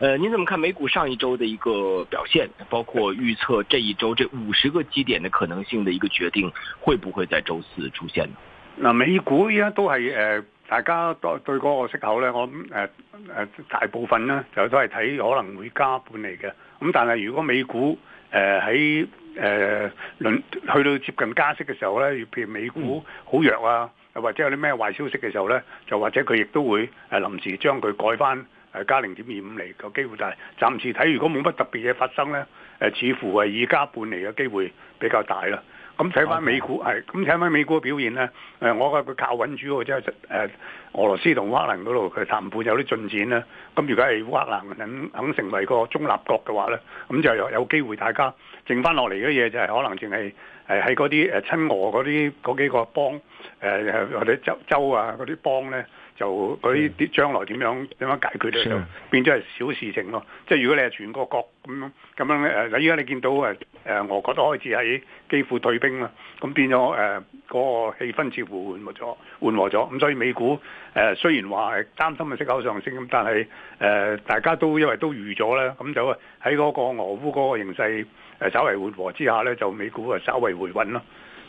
誒、呃，你怎麼看美股上一周的一個表現？包括預測這一周這五十個基點的可能性的一個決定，會不會在周四出現呢？嗱、呃，美股依家都係誒、呃，大家對嗰個息口咧，我誒誒、呃呃，大部分呢就都係睇可能會加半厘嘅。咁、嗯、但係如果美股誒喺誒輪去到接近加息嘅時候咧，譬如美股好弱啊、嗯，或者有啲咩壞消息嘅時候咧，就或者佢亦都會誒臨、呃、時將佢改翻。誒加零點二五厘個機會大，但暫時睇如果冇乜特別嘢發生咧，誒、呃、似乎係二加半釐嘅機會比較大啦。咁睇翻美股係，咁睇翻美股嘅表現咧，誒、呃、我覺得佢靠穩住、就是。喎、呃，即係誒俄羅斯同烏克蘭嗰度嘅談判有啲進展啦。咁如果係烏克蘭肯肯成為個中立國嘅話咧，咁就有有機會大家剩翻落嚟嘅嘢就係可能淨係誒喺嗰啲誒親俄嗰啲嗰幾個邦、呃、或者州州啊嗰啲邦咧。就嗰啲啲將來點樣點樣解決咧，就變咗係小事情咯。即係如果你係全個國咁樣咁樣誒，現在你依家你見到誒誒俄國都開始喺幾乎退兵啦，咁變咗誒嗰個氣氛似乎緩和咗，緩和咗。咁所以美股誒雖然話係擔心嘅息口上升咁，但係誒大家都因為都預咗咧，咁就喺嗰個俄烏嗰個形勢誒稍為緩和之下咧，就美股啊稍為回穩咯。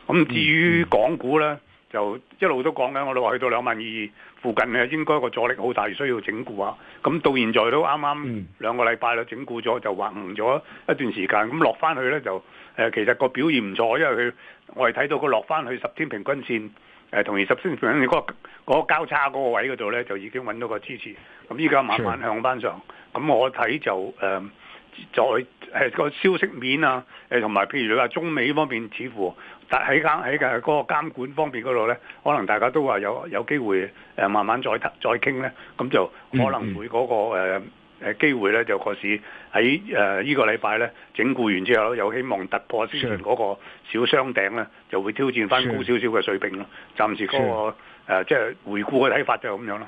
咁至於港股咧。嗯嗯就一路都講緊，我哋話去到兩萬二附近咧，應該個阻力好大，需要整固啊。咁到現在都啱啱兩個禮拜啦，整固咗就橫行咗一段時間。咁落翻去咧就、呃、其實個表現唔錯，因為佢我哋睇到佢落翻去十天平均線誒、呃、同二十天平均線嗰、嗰個嗰個交叉嗰個位嗰度咧，就已經搵到個支持。咁依家慢慢向翻上，咁我睇就、呃再係個消息面啊，誒同埋譬如你話中美方面似乎喺喺嘅嗰個監管方面嗰度咧，可能大家都話有有機會誒慢慢再再傾咧，咁就可能會嗰、那個誒誒、呃、機會咧就在、呃這個市喺誒呢個禮拜咧整固完之後，有希望突破先前嗰個小箱頂咧，就會挑戰翻高少少嘅水平咯。暫時嗰、那個、呃、即係回顧嘅睇法就係咁樣咯。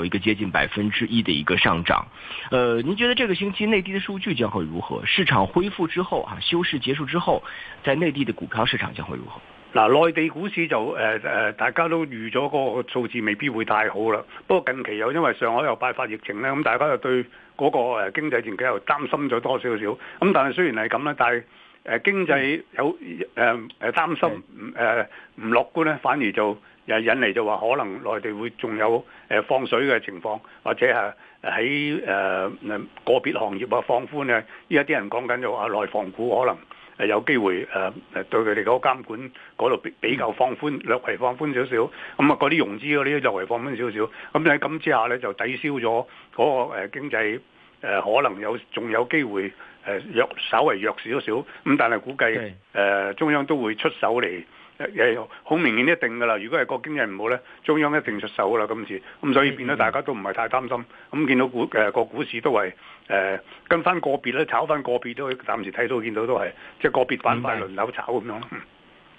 有一個接近百分之一的一個上漲，呃，您覺得這個星期內地的數據將會如何？市場恢復之後啊，休市結束之後，在內地的股票市場將會如何？嗱，內地股市就誒誒、呃，大家都預咗個數字未必會太好啦。不過近期又因為上海又爆發疫情咧，咁大家又對嗰個誒經濟前景又擔心咗多少少。咁但係雖然係咁啦，但係誒、呃、經濟有誒誒、呃呃、擔心誒唔、嗯呃、樂觀咧，反而就。又引嚟就話可能內地會仲有誒放水嘅情況，或者係喺誒個別行業啊放寬呢，依家啲人講緊就話內房股可能係有機會誒誒對佢哋嗰個監管嗰度比較放寬，略為放寬少少。咁啊，嗰啲融資嗰啲略為放寬少少。咁喺咁之下咧，就抵消咗嗰個誒經濟可能有仲有機會誒弱稍微弱少少。咁但係估計誒中央都會出手嚟。誒好明顯一定噶啦，如果係個經濟唔好咧，中央一定出手噶啦。今次咁、嗯、所以變咗大家都唔係太擔心，咁、嗯、見到股誒個、呃、股市都係誒、呃、跟翻個別咧，炒翻個別都可以暫時睇到見到都係即係個別板塊輪流炒咁樣。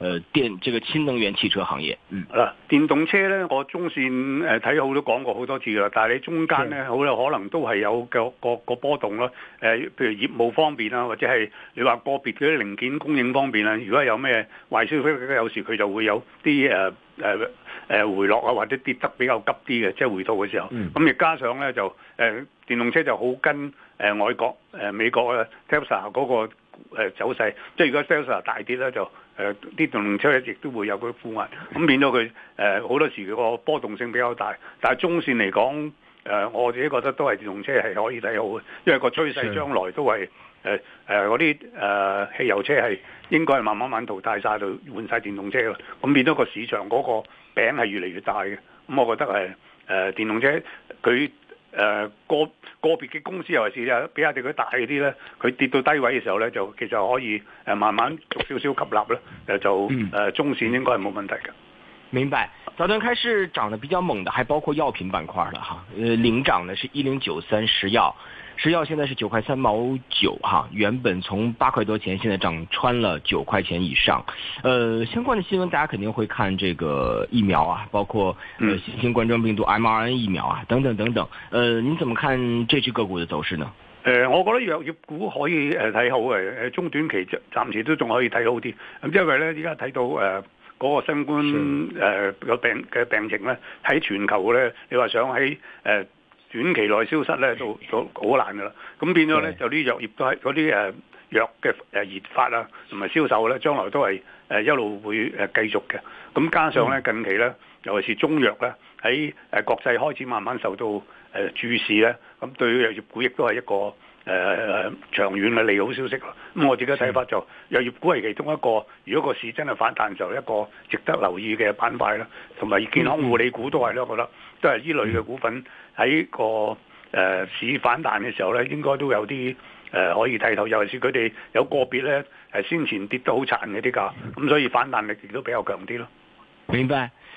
呃，電這個新能源汽車行業，嗯，嗱，電動車咧，我中線誒睇、呃、好都講過好多次噶啦，但係你中間咧，好有可能都係有個個個波動咯。誒、呃、譬如業務方面啊，或者係你話個別嗰啲零件供應方面啊，如果有咩壞消息，有時佢就會有啲誒誒誒回落啊，或者跌得比較急啲嘅，即係回吐嘅時候。咁、嗯、亦加上咧就誒、呃、電動車就好跟誒外國誒美國、呃、國 Tesla 嗰、那個誒、呃、走勢，即係如果 Tesla 大跌咧就。誒、呃、啲電動車亦都會有佢負壓，咁變咗佢好多時個波動性比較大。但係中線嚟講、呃，我自己覺得都係電動車係可以睇好嘅，因為個趨勢將來都係嗰啲汽油車係應該係慢，慢慢慢淘汰晒，換晒電動車啦。咁變咗個市場嗰個餅係越嚟越大嘅。咁我覺得係、呃、電動車佢。誒、呃、個個別嘅公司，尤其是比啊啲佢大啲咧，佢跌到低位嘅時候咧，就其實可以、呃、慢慢逐少少吸納咧，就、呃嗯呃、中線應該係冇問題嘅。明白，早段開始漲得比較猛嘅，還包括藥品板塊啦，哈、呃，領漲呢，係一零九三石藥。石藥現在是九塊三毛九哈，原本從八塊多錢，現在漲穿了九塊錢以上。呃，相關的新聞大家肯定會看這個疫苗啊，包括、呃、新型冠狀病毒 mRNA 疫苗啊，等等等等。呃，你怎麼看這隻個股的走勢呢？呃，我覺得藥業股可以誒睇好嘅，誒、呃、中短期暫時都仲可以睇好啲。咁因為咧，依家睇到誒嗰、呃那個新冠誒個、嗯呃、病嘅病情咧喺全球咧，你話想喺誒。呃短期內消失咧都都好難噶啦，咁變咗咧就啲藥業都係嗰啲誒藥嘅研發啊，同埋銷售咧，將來都係、呃、一路會繼續嘅。咁加上咧近期咧，尤其是中藥咧，喺誒國際開始慢慢受到誒、呃、注視咧，咁對於藥業股亦都係一個誒、呃、長遠嘅利好消息。咁我自己睇法就是，藥業股係其中一個，如果個市真係反彈就一個值得留意嘅板塊啦，同埋健康護理股都係咯、嗯，覺得。都係呢類嘅股份喺個誒、呃、市反彈嘅時候咧，應該都有啲誒、呃、可以睇到。尤其是佢哋有個別咧誒先前跌得好慘嗰啲價，咁所以反彈力亦都比較強啲咯。明白。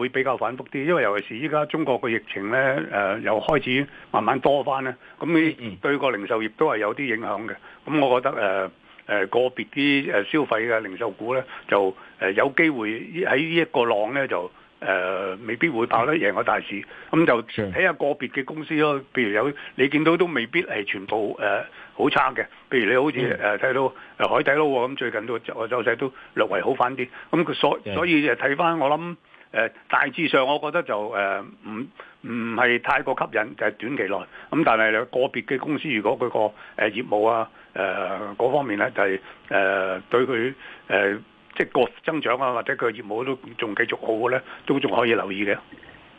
會比較反覆啲，因為尤其是依家中國嘅疫情咧，誒、呃、又開始慢慢多翻咧，咁你對個零售業都係有啲影響嘅。咁我覺得誒誒、呃呃、個別啲誒消費嘅零售股咧，就誒、呃、有機會喺呢一個浪咧，就誒、呃、未必會爆得贏個大市。咁就睇下個別嘅公司咯。譬如有你見到都未必係全部誒好、呃、差嘅。譬如你好似誒睇到海底撈咁，最近都走走勢都略為好翻啲。咁佢所所以誒睇翻，我諗。呃、大致上我覺得就誒唔唔係太過吸引，就係、是、短期內咁、嗯。但係個別嘅公司如果佢個誒業務啊誒嗰、呃、方面呢，就係、是、誒、呃、對佢誒、呃、即係個增長啊或者佢業務都仲繼續好嘅呢，都仲可以留意嘅。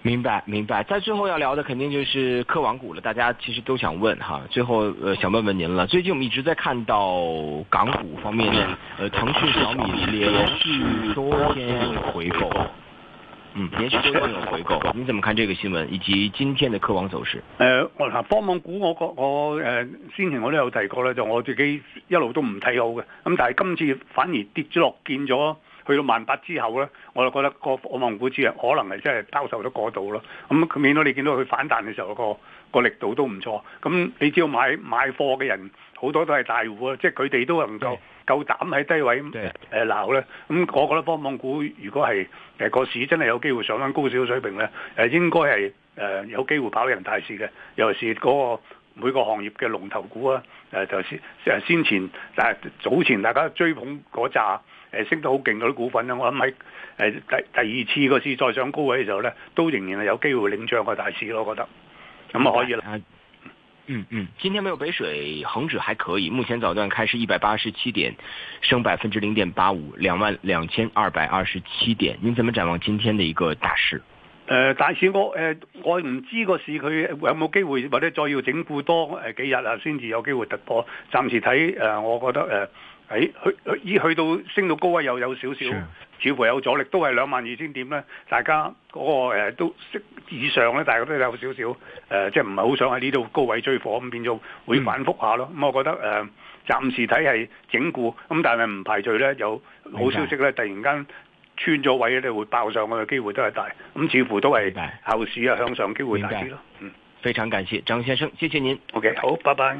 明白明白，在最後要聊的肯定就是科網股啦。大家其實都想問哈，最後、呃、想問問您啦。最近我們一直在看到港股方面，誒、呃，騰訊、小米連續多天回購。嗯，連續都都有回購，你怎麼看呢個新聞以及今天的科網走勢？誒、呃，我嗱，科網股我個我誒，先前我都有提過咧，就我自己一路都唔睇好嘅。咁但係今次反而跌咗落，見咗去到萬八之後咧，我就覺得個科網股只係可能係真係交受咗過度咯。咁免到你見到佢反彈嘅時候個個力度都唔錯。咁你只要買買貨嘅人。好多都係大戶啊，即係佢哋都能夠夠膽喺低位咁誒鬧咧。咁、呃呃、我覺得幫網股如果係誒個市真係有機會上翻高少水平咧，誒、呃、應該係誒、呃、有機會跑贏大市嘅。尤其是嗰、那個每個行業嘅龍頭股啊，誒、呃、就先先前但係早前大家追捧嗰扎誒升得好勁嗰啲股份咧，我諗喺誒第第二次個市再上高位嘅時候咧，都仍然係有機會領漲個大市咯。我覺得咁可以啦。嗯嗯，今天沒有北水，恒指還可以。目前早段開市一百八十七點，升百分之零點八五，兩萬兩千二百二十七點。您怎麼展望今天的一個大市？誒、呃，大市我誒、呃，我唔知個市佢有冇機會，或者再要整固多誒、呃、幾日啊，先至有機會突破。暫時睇誒、呃，我覺得誒。呃咦、哎，去去到升到高位又有少少，似乎有阻力，都係兩萬二千點咧。大家嗰、那個、呃、都識以上咧，大家都有少少、呃、即係唔係好想喺呢度高位追貨咁，變咗會反覆下咯。咁、嗯嗯、我覺得、呃、暫時睇係整固，咁但係唔排除咧有好消息咧，突然間穿咗位咧會爆上嘅機會都係大，咁似乎都係後市啊向上機會大啲咯。嗯，非常感謝張先生，謝謝您。OK，好，拜拜。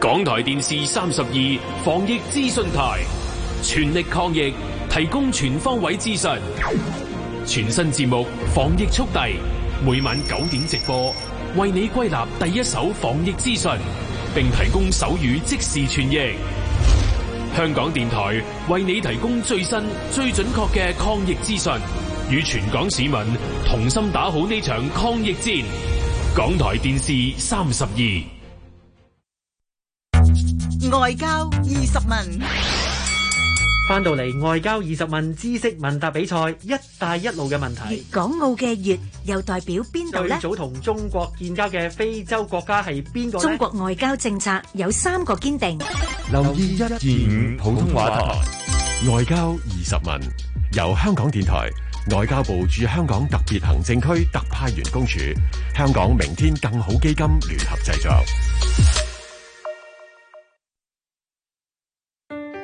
港台電視三十二防疫資訊台，全力抗疫，提供全方位資訊。全新節目《防疫速遞》，每晚九點直播，為你歸納第一手防疫資訊，並提供手語即時傳譯。香港電台為你提供最新、最準確嘅抗疫資訊，與全港市民同心打好呢場抗疫戰。港台電視三十二。外交二十問，翻到嚟外交二十問知識問答比賽，一帶一路嘅問題。粵港澳嘅粵又代表邊度咧？最早同中國建交嘅非洲國家係邊個咧？中國外交政策有三個堅定。留意一、二、五普通話台。外交二十問由香港電台、外交部駐香港特別行政區特派員公署、香港明天更好基金聯合製作。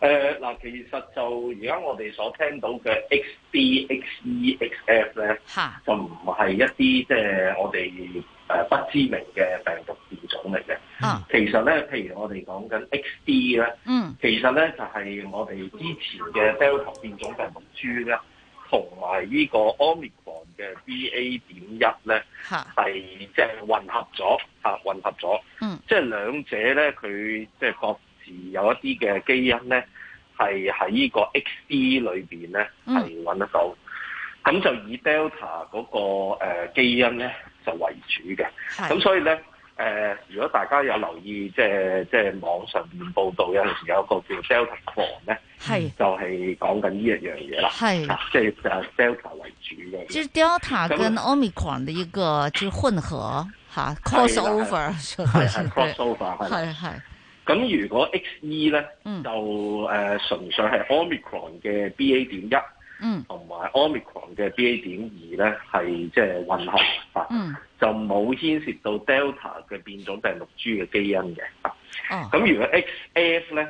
誒，嗱，其實就而家我哋所聽到嘅 XD、XE、XF 咧，就唔係一啲即係我哋誒不知名嘅病毒變種嚟嘅，啊。其實咧，譬如我哋講緊 XD 咧，其實咧就係，是，我哋之前嘅 Delta 變種病毒株咧，同埋呢個 Omicron 嘅 BA. 點一咧，係即係混合咗，嚇、啊、混合咗，即、嗯、係、就是，兩者咧佢即係各。有一啲嘅基因咧，係喺呢個 XD 裏邊咧係搵得到，咁、嗯、就以 Delta 嗰、那個、呃、基因咧就為主嘅。咁所以咧誒、呃，如果大家有留意，即係即係網上面報道有時有一個叫 Delta Core 咧，係就係講緊呢一樣嘢啦，係即係誒 Delta 為主嘅。就 Delta 跟 Omicron 嘅一個就混合嚇、啊、，crossover 係係係。咁如果 XE 咧就誒純粹係 Omicron 嘅 BA. 點一，嗯，同埋 Omicron 嘅 BA. 點二咧係即係混合，啊、嗯，就冇牽涉到 Delta 嘅變種病毒株嘅基因嘅，咁、嗯、如果 XF 咧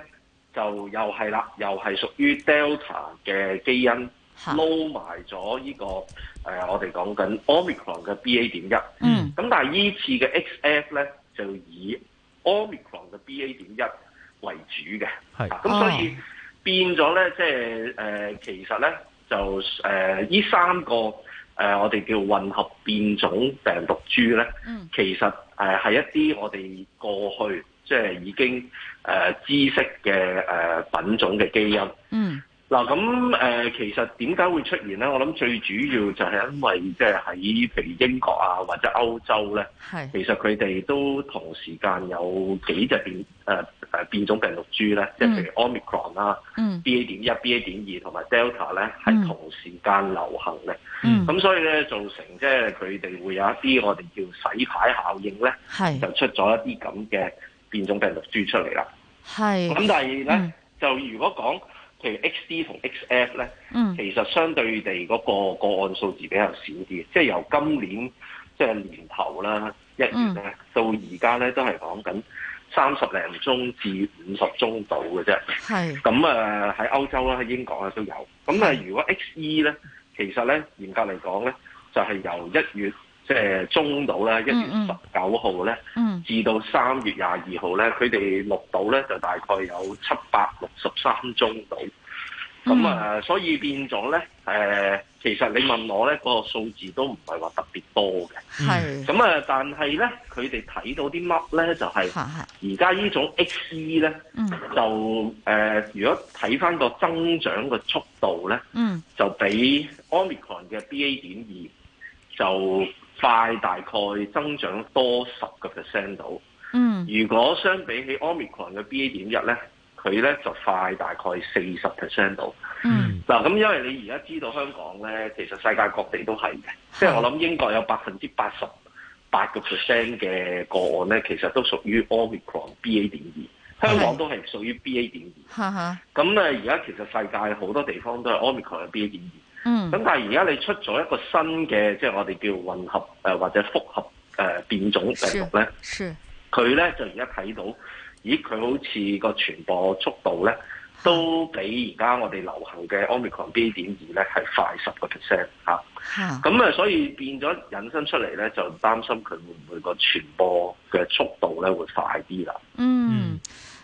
就又係啦，又係屬於 Delta 嘅基因撈埋咗呢個、呃、我哋講緊 Omicron 嘅 BA. 點一，嗯，咁但係依次嘅 XF 咧就以 Omicron 嘅 BA. 點一為主嘅，係、哦，咁、啊、所以變咗咧，即係誒，其實咧就誒，呢、呃、三個誒、呃，我哋叫混合變種病毒株咧、嗯，其實誒係、呃、一啲我哋過去即係、就是、已經誒、呃、知識嘅誒、呃、品種嘅基因。嗯。嗱咁誒，其實點解會出現咧？我諗最主要就係因為即係喺譬如英國啊，或者歐洲咧，其實佢哋都同時間有幾隻變誒誒、呃、種病毒株咧，即係譬如 Omicron 啦、啊、嗯、BA.1、BA.2 同埋 Delta 咧，係同時間流行嘅。咁、嗯、所以咧，造成即係佢哋會有一啲我哋叫洗牌效應咧，就出咗一啲咁嘅變種病毒株出嚟啦。咁但係咧、嗯，就如果講譬如 XD 同 XF 咧、嗯，其實相對地嗰個個案數字比較少啲，即係由今年即係，年頭啦，一月咧、嗯、到而家咧都係講緊三十零宗至五十宗度嘅啫。係咁，誒喺歐洲啦，喺英國啊都有。咁，誒如果 XE 咧，其實咧，嚴格嚟講咧就係由一月。即係中到咧，一月十九號咧，至到三月廿二號咧，佢哋錄到咧就大概有七百六十三宗度。咁、嗯、啊，所以變咗咧，誒，其實你問我咧，嗰、那個數字都唔係話特別多嘅。咁啊、嗯，但係咧，佢哋睇到啲乜咧，就係而家呢種 XE 咧，就、嗯、誒、嗯，如果睇翻個增長嘅速度咧，就比 Omicron 嘅 BA. 2二就。快大概增長多十個 percent 到，嗯，如果相比起 Omicron 嘅 BA. 點一咧，佢咧就快大概四十 percent 到，嗯，嗱，咁因為你而家知道香港咧，其實世界各地都係嘅，即係我諗英國有百分之八十八個 percent 嘅個案咧，其實都屬於 Omicron BA. 點二，香港都係屬於 BA. 點二，咁啊，而家其實世界好多地方都係 Omicron 嘅 BA. 點二。嗯，咁但係而家你出咗一個新嘅，即、就、係、是、我哋叫混合誒、呃、或者複合誒、呃、變種病毒咧，佢咧就而家睇到，咦佢好似個傳播速度咧、啊、都比而家我哋流行嘅 Omicron B. 點二咧係快十個 percent 嚇，咁啊所以變咗引申出嚟咧就擔心佢會唔會個傳播嘅速度咧會快啲啦、嗯。嗯，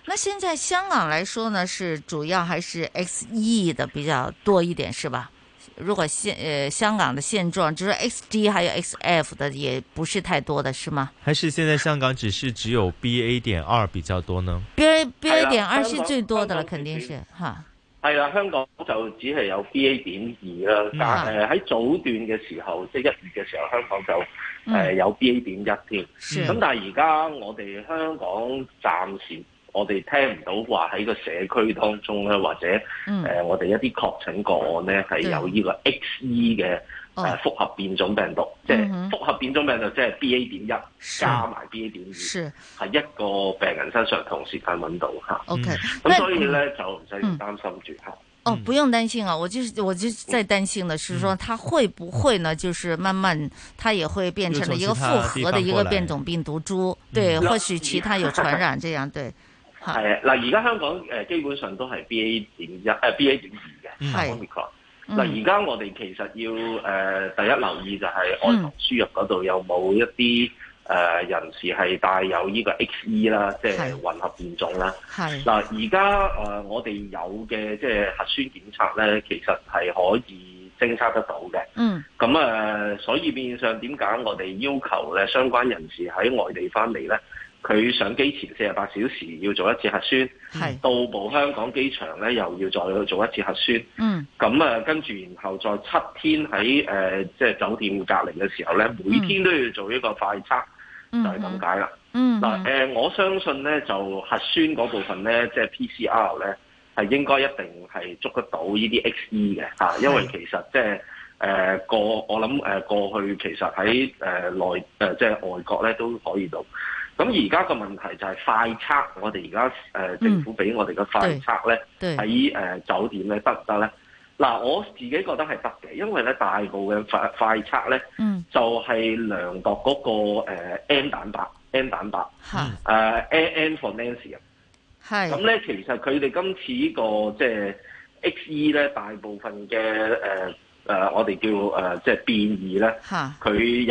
那現在香港來說呢，是主要還是 XE 的比較多一點，是吧？如果現、呃、香港的現狀就是 XD 還有 XF 的也不是太多的是嗎？還是現在香港只是只有 BA 點二比較多呢？BABA 點二是最多的了，肯定是哈。係、啊、啦，香港就只係有 BA 點二啦。嗯、啊。喺早段嘅時候，即係一月嘅時候，香港就誒有 BA 點一添。咁、嗯、但係而家我哋香港暫時。我哋聽唔到話喺個社區當中咧，或者誒、呃、我哋一啲確診個案咧係有呢個 X E 嘅誒複合變種病毒，哦、即係複合變種病毒、嗯、即係 B A 點一加埋 B A 點二，係一個病人身上同時間揾到 OK，咁、嗯嗯、所以咧就唔使擔心住嚇、嗯。哦，不用擔心啊！我就是、我就是在擔心的，是說、嗯、它會不會呢？就是慢慢，它也會變成了一個複合的、一個變種病毒株。對，嗯、或許其他有傳染，這樣 對。係啊，嗱而家香港誒基本上都係 BA 點一誒 BA 點二嘅係。嗱而家我哋其實要誒、呃、第一留意就係外國輸入嗰度有冇一啲誒、呃、人士係帶有呢個 XE 啦，即係混合變種啦。嗱而家誒我哋有嘅即係核酸檢測咧，其實係可以偵測得到嘅。嗯，咁誒、呃、所以變相點解我哋要求咧相關人士喺外地翻嚟咧？佢上機前四十八小時要做一次核酸，係到步香港機場咧，又要再做一次核酸。嗯，咁啊，跟住然後再七天喺即係酒店隔離嘅時候咧，每天都要做一個快測，嗯、就係咁解啦。嗱、嗯呃、我相信咧就核酸嗰部分咧，即係 P C R 咧係應該一定係捉得到呢啲 X E 嘅吓，因為其實即係誒過我諗誒過去其實喺誒內即係外國咧都可以到。咁而家個問題就係快測，我哋而家政府俾我哋個快測咧，喺、嗯呃、酒店咧得唔得咧？嗱，我自己覺得係得嘅，因為咧大部分嘅快快測咧、嗯，就係、是、量度嗰、那個、呃、M N 蛋白、N 蛋白，a、嗯 uh, N N for Nancy。咁、嗯、咧，其實佢哋今次、這個、XE 呢個即係 X E 咧，大部分嘅誒我哋叫誒即係變異咧，佢、啊、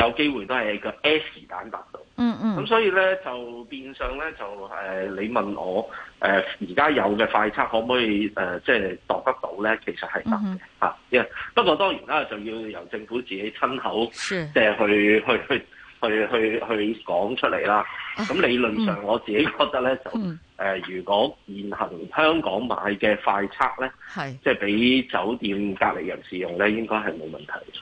有機會都係個 S 蛋白度。嗯嗯，咁、嗯、所以咧就變相咧就、呃、你問我誒而家有嘅快測可唔可以誒、呃，即係度得到咧？其實係得嘅嚇，因為不過當然啦，就要由政府自己親口即係去去去去去去講出嚟啦。咁、啊、理論上、嗯、我自己覺得咧就誒、嗯呃，如果現行香港買嘅快測咧，即係俾酒店隔離人士用咧，應該係冇問題的。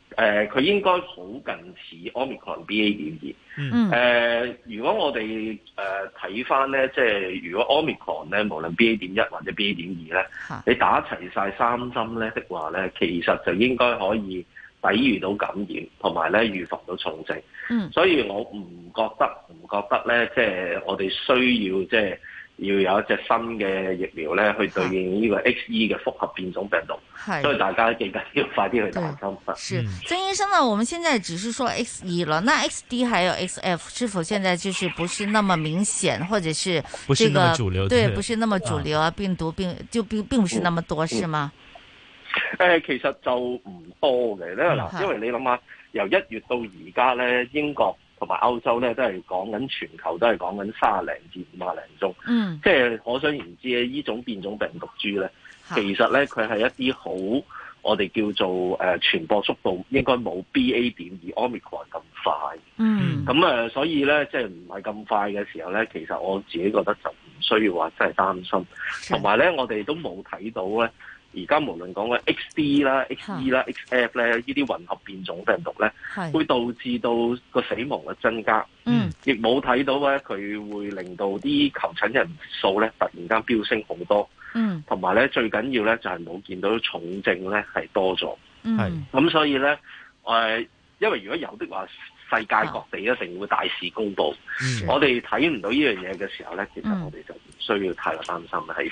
誒、呃，佢應該好近似 Omicron BA. 2二、呃。如果我哋誒睇翻咧，即係如果 Omicron 咧，無論 BA. 1一或者 BA. 2二咧，你打齊晒三針咧的話咧，其實就應該可以抵禦到感染，同埋咧預防到重症。嗯，所以我唔覺得唔覺得咧，即係我哋需要即係。要有一隻新嘅疫苗咧，去對應呢個 X E 嘅複合變種病毒，所以大家記得要快啲去打針。嗯。是，曾醫生呢，我們現在只是說 X E 啦，那 X D 還有 X F 是否現在就是不是那麼明顯，或者是這個不是主流對不是那麼主流啊？病毒並就並並不是那麼多，嗯、是嗎？誒、呃，其實就唔多嘅咧嗱，因為你諗下，由一月到而家咧，英國。同埋歐洲咧，都係講緊全球都係講緊三十零至五廿零宗，嗯、即係可想而知呢種變種病毒株咧，其實咧佢係一啲好我哋叫做誒、呃、傳播速度應該冇 BA 2 Omicron 咁快，咁、嗯呃、所以咧即係唔係咁快嘅時候咧，其實我自己覺得就唔需要話真係擔心，同埋咧我哋都冇睇到咧。而家無論講個 XD 啦、XE 啦、XF 咧，呢啲混合變種病毒咧，會導致到個死亡率增加。嗯，亦冇睇到咧，佢會令到啲求診人數咧突然間飆升好多。嗯，同埋咧最緊要咧就係冇見到重症咧係多咗。嗯，咁所以咧誒，因為如果有嘅話，世界各地一定會大肆公佈。嗯，我哋睇唔到呢樣嘢嘅時候咧，其實我哋就唔需要太過擔心啦。係。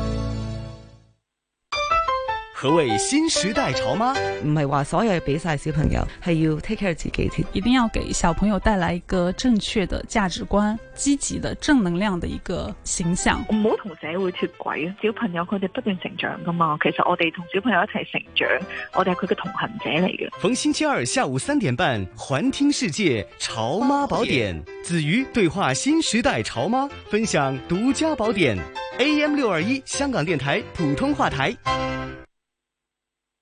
何謂新時代潮媽？唔係話所有比賽小朋友係要 take care 自己，一定要給小朋友帶來一個正確的價值觀、積極的正能量的一個形象。唔好同社會脱軌啊。小朋友佢哋不斷成長噶嘛，其實我哋同小朋友一齊成長，我哋係佢嘅同行者嚟嘅。逢星期二下午三點半，環聽世界潮媽寶典，oh yeah. 梓瑜對話新時代潮媽，分享獨家寶典。AM 六二一，香港電台普通話台。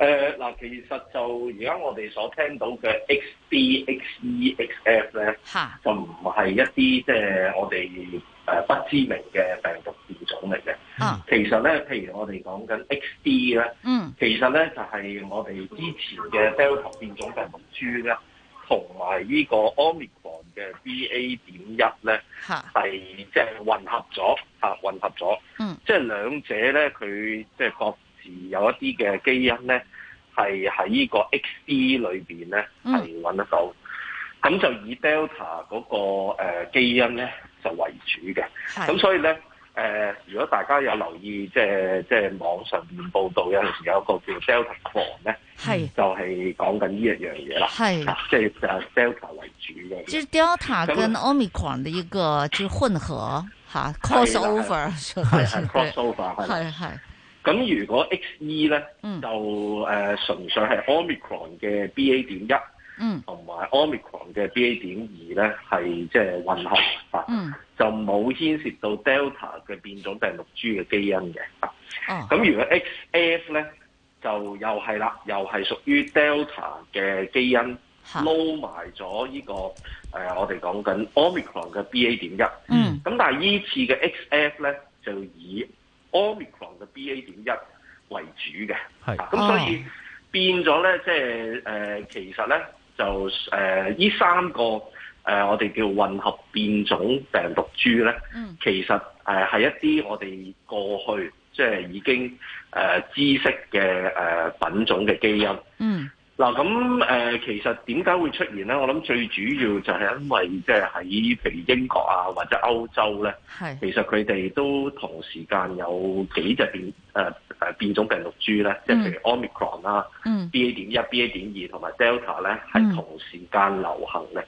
誒、呃、嗱，其實就而家我哋所聽到嘅 XD、XE、XF 咧，嚇就唔係一啲即係我哋誒不知名嘅病毒變種嚟嘅。嗯，其實咧，譬如我哋講緊 XD 咧，嗯，其實咧就係、是、我哋之前嘅 Delta 變種病毒株咧，同埋呢個 Omicron 嘅 BA. 點一咧，嚇係即係混合咗，嚇、啊、混合咗，嗯，即、就、係、是、兩者咧佢即係各。有一啲嘅基因咧，係喺呢個 XD 裏邊咧係揾得到，咁就以 Delta 嗰、那個、呃、基因咧就為主嘅。咁所以咧誒、呃，如果大家有留意，即係即係網上面報道有陣時有一個叫 Deltacron 咧，係就係講緊呢一樣嘢啦，係即係就 Delta 為主嘅。即、就、係、是、Delta 跟 Omicron 嘅一個即係混合嚇、啊、，crossover 係係 crossover 係。咁如果 X E 咧，就誒純粹係 Omicron 嘅 B A. 同一，嗯，同埋 c r o n 嘅 B A. 點二咧，係即係混合，嗯，就冇、呃嗯就是嗯、牽涉到 Delta 嘅變種第六 G 嘅基因嘅，咁、哦、如果 X F 咧，就又係啦，又係屬於 Delta 嘅基因撈埋咗呢個、呃、我哋講緊 Omicron 嘅 B A. 1一、嗯，嗯，咁但係依次嘅 X F 咧就以 Omicron 嘅 BA. 點一為主嘅，係、哦，咁所以變咗咧，即係誒，其實咧就誒，呢、呃、三個誒、呃，我哋叫混合變種病毒株咧、嗯，其實誒係、呃、一啲我哋過去即係、就是、已經誒、呃、知悉嘅誒品種嘅基因。嗯。嗱咁誒，其實點解會出現咧？我諗最主要就係因為即係喺譬如英國啊，或者歐洲咧，其實佢哋都同時間有幾隻變誒誒、呃、變種病毒株咧，即係譬如 Omicron 啦、啊、嗯、BA.1、BA.2 同埋 Delta 咧，係同時間流行嘅。咁、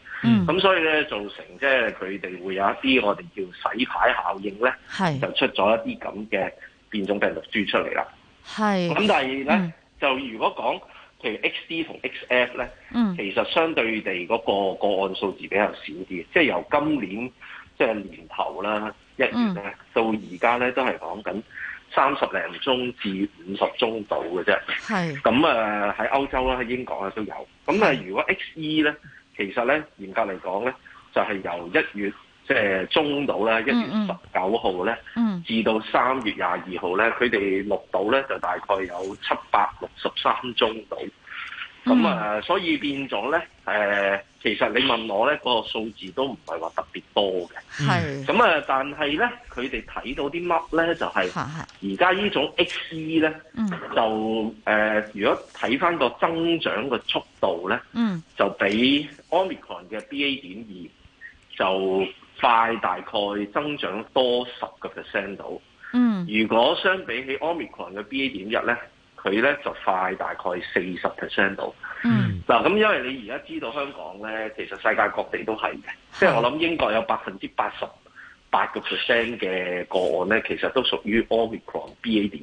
嗯、所以咧，造成即係佢哋會有一啲我哋叫洗牌效應咧，就出咗一啲咁嘅變種病毒株出嚟啦。咁，但係咧、嗯、就如果講譬如 XD 同 XF 咧、嗯，其實相對地嗰個個案數字比較少啲，即、就、係、是、由今年即係、就是、年頭啦一月咧、嗯、到而家咧都係講緊三十零宗至五十宗度嘅啫。係咁啊，喺歐洲啦、啊、喺英國啊都有。咁啊，如果 XE 咧，其實咧嚴格嚟講咧，就係、是、由一月。即、呃、中到咧，一月十九號咧，至到三月廿二號咧，佢哋錄到咧就大概有七百六十三宗度。咁、嗯、啊、嗯呃，所以變咗咧，誒、呃，其實你問我咧、個數字都唔係話特別多嘅。係、嗯。咁、嗯、啊、嗯，但係咧，佢哋睇到啲乜咧？就係而家呢種 XE 咧、嗯，就誒、呃，如果睇翻個增長嘅速度咧、嗯，就比 Omicron 嘅 BA. 點二就。快大概增長多十個 percent 到，嗯，如果相比起 Omicron 嘅 BA. 點一咧，佢咧就快大概四十 percent 到，嗯，嗱咁因為你而家知道香港咧，其實世界各地都係嘅，即係我諗英國有百分之八十八個 percent 嘅個案咧，其實都屬於 Omicron BA. 點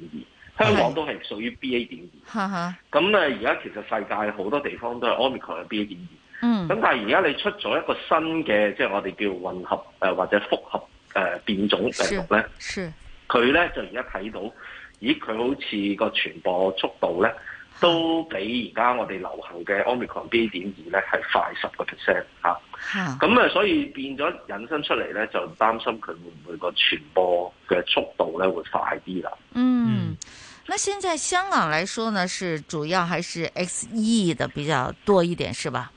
二，香港都係屬於 BA. 點二，咁啊而家其實世界好多地方都係 Omicron 嘅 BA. 點二。嗯，咁但係而家你出咗一個新嘅，即係我哋叫混合誒、呃、或者複合誒、呃、變種病毒咧，係，佢咧就而家睇到，咦佢好似個傳播速度咧都比而家我哋流行嘅 Omicron B. 點二咧係快十個 percent 吓，咁啊所以變咗引申出嚟咧就擔心佢會唔會個傳播嘅速度咧會快啲啦、嗯。嗯，那現在香港來說呢，是主要還是 XE 的比較多一點，是吧？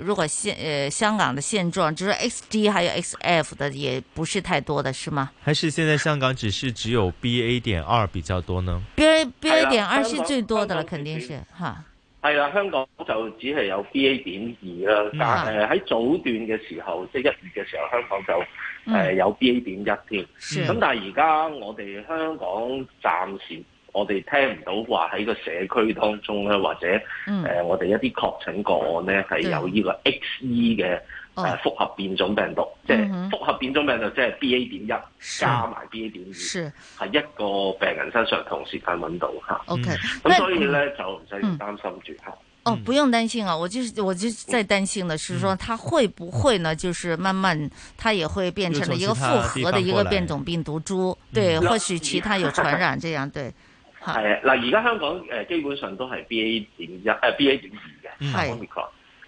如果現誒、呃、香港的現狀，就是 XD 還有 XF 的，也不是太多的是嗎？還是現在香港只是只有 BA 點二比較多呢？BA BA 點二是，是最多的啦，肯定是哈。係、啊、啦，香港就只係有 BA 點二啦。但誒喺早段嘅時候，即、就、係、是、一月嘅時候，香港就誒、呃、有 BA 點一添。咁、嗯、但係而家我哋香港暫時。我哋聽唔到話喺個社區當中咧，或者誒、呃，我哋一啲確診個案咧係有呢個 X E 嘅複合變種病毒，哦、即係複合變種病毒、嗯、即係 B A 點一加埋 B A 點二，係一個病人身上同時間揾到吓。咁、okay 嗯嗯嗯、所以咧就唔使擔心住吓、嗯嗯。哦，不用擔心啊，我就是、我就是再擔心嘅，是說、嗯、它會不會呢？就是慢慢，它也會變成了一個複合的一個變種病毒株，對、嗯，或許其他有傳染這樣，對。 係啊，嗱而家香港誒基本上都係 BA 點一誒 BA 點二嘅，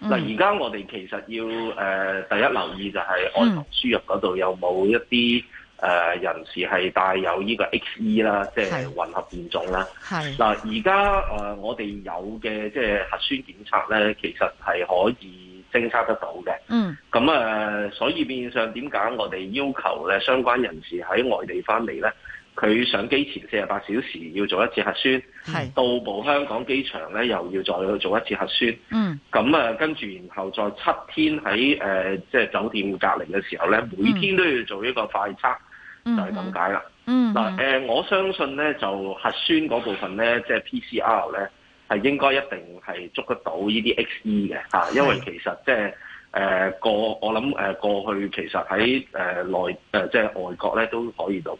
新嗱而家我哋其實要誒、呃、第一留意就係外防輸入嗰度有冇一啲誒、呃、人士係帶有呢個 XE 啦，即係混合變種啦。嗱而家誒我哋有嘅即係核酸檢測咧，其實係可以偵測得到嘅。咁、嗯、誒、呃，所以變相點解我哋要求咧相關人士喺外地翻嚟咧？佢上機前四十八小時要做一次核酸，係到步香港機場咧，又要再去做一次核酸。嗯，咁啊，跟住然後再七天喺誒即係酒店隔離嘅時候咧，每天都要做一個快測，嗯、就係咁解啦。嗯，嗱、呃、我相信咧就核酸嗰部分咧，即係 P C R 咧係應該一定係捉得到呢啲 X E 嘅嚇，因為其實即係誒過我諗誒過去其實喺誒內即係外國咧都可以到。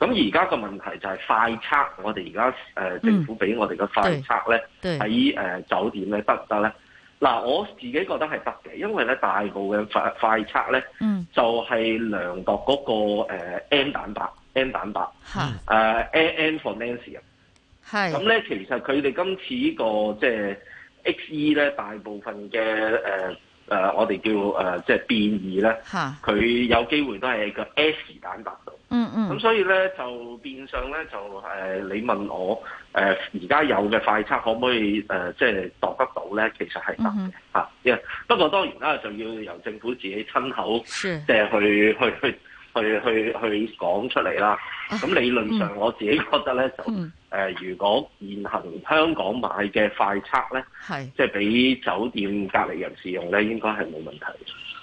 咁而家個問題就係快測，我哋而家誒政府俾我哋嘅快測咧，喺誒酒店咧得唔得咧？嗱，我自己覺得係得嘅，因為咧大部嘅快快測咧，就係量度嗰個誒 N 蛋白，N、嗯、蛋白，AN、嗯嗯、for Nancy。咁咧，其實佢哋今次依個即係 X E 咧，大部分嘅誒我哋叫誒即係變異咧，佢有機會都係個 S 蛋白度。嗯嗯，咁、嗯、所以咧就變相咧就誒、呃，你問我而家、呃、有嘅快測可唔可以、呃、即係度得到咧？其實係得嘅嚇，因為不過當然啦，就要由政府自己親口即係去去去去去去講出嚟啦。咁、啊、理論上、嗯、我自己覺得咧就、嗯呃、如果現行香港買嘅快測咧，即係俾酒店隔離人士用咧，應該係冇問題。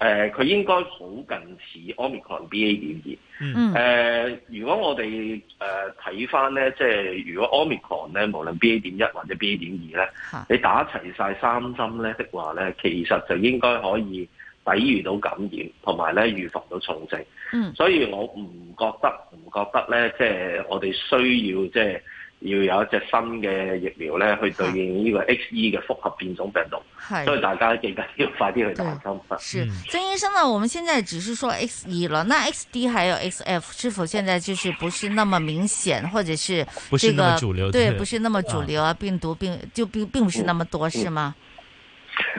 誒、呃，佢應該好近似 Omicron BA.2。嗯嗯。誒，如果我哋誒睇翻咧，即係如果 Omicron 咧，無論 BA.1 或者 BA.2 咧，你打齊晒三針咧的話咧，其實就應該可以抵禦到感染，同埋咧預防到重症。嗯。所以我唔覺得，唔覺得咧，即係我哋需要即係。要有一隻新嘅疫苗咧，去對應呢個 X E 嘅複合變種病毒，所以大家記得要快啲去打針。是，曾醫生呢，我們現在只是說 X E 啦，那 X D 還有 X F 是否現在就是不是那麼明顯，或者是、這個、不是那麼主流，啊？對，不是那麼主流啊，病毒並就並並不是那麼多，嗯、是嗎？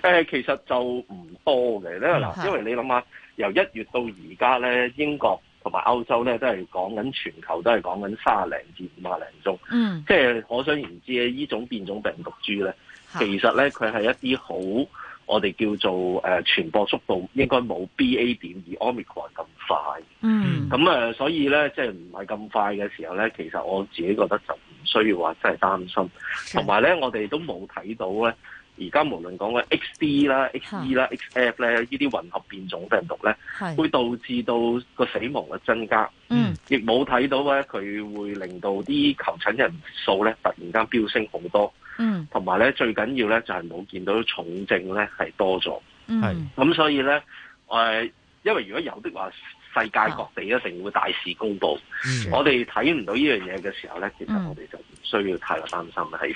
誒，其實就唔多嘅咧嗱，因為你諗下，由一月到而家咧，英國。同埋歐洲咧，都係講緊全球都係講緊三十零至五十零宗，mm. 即係可想而知呢呢種變種病毒株咧，其實咧佢係一啲好我哋叫做誒、呃、傳播速度應該冇 BA 點二 Omicron 咁快，咁、mm. 誒、呃、所以咧即係唔係咁快嘅時候咧，其實我自己覺得就唔需要話真係擔心，同埋咧我哋都冇睇到咧。而家無論講個 XD 啦、XE 啦、XF 咧，依啲混合變種病毒咧，會導致到個死亡嘅增加。嗯，亦冇睇到咧，佢會令到啲求診人數咧突然間飆升好多。嗯，同埋咧，最緊要咧就係冇見到重症咧係多咗。嗯，係咁，所以咧，誒，因為如果有的話，世界各地一定會大肆公佈，嗯。我哋睇唔到呢樣嘢嘅時候咧，其實我哋就唔需要太過擔心係。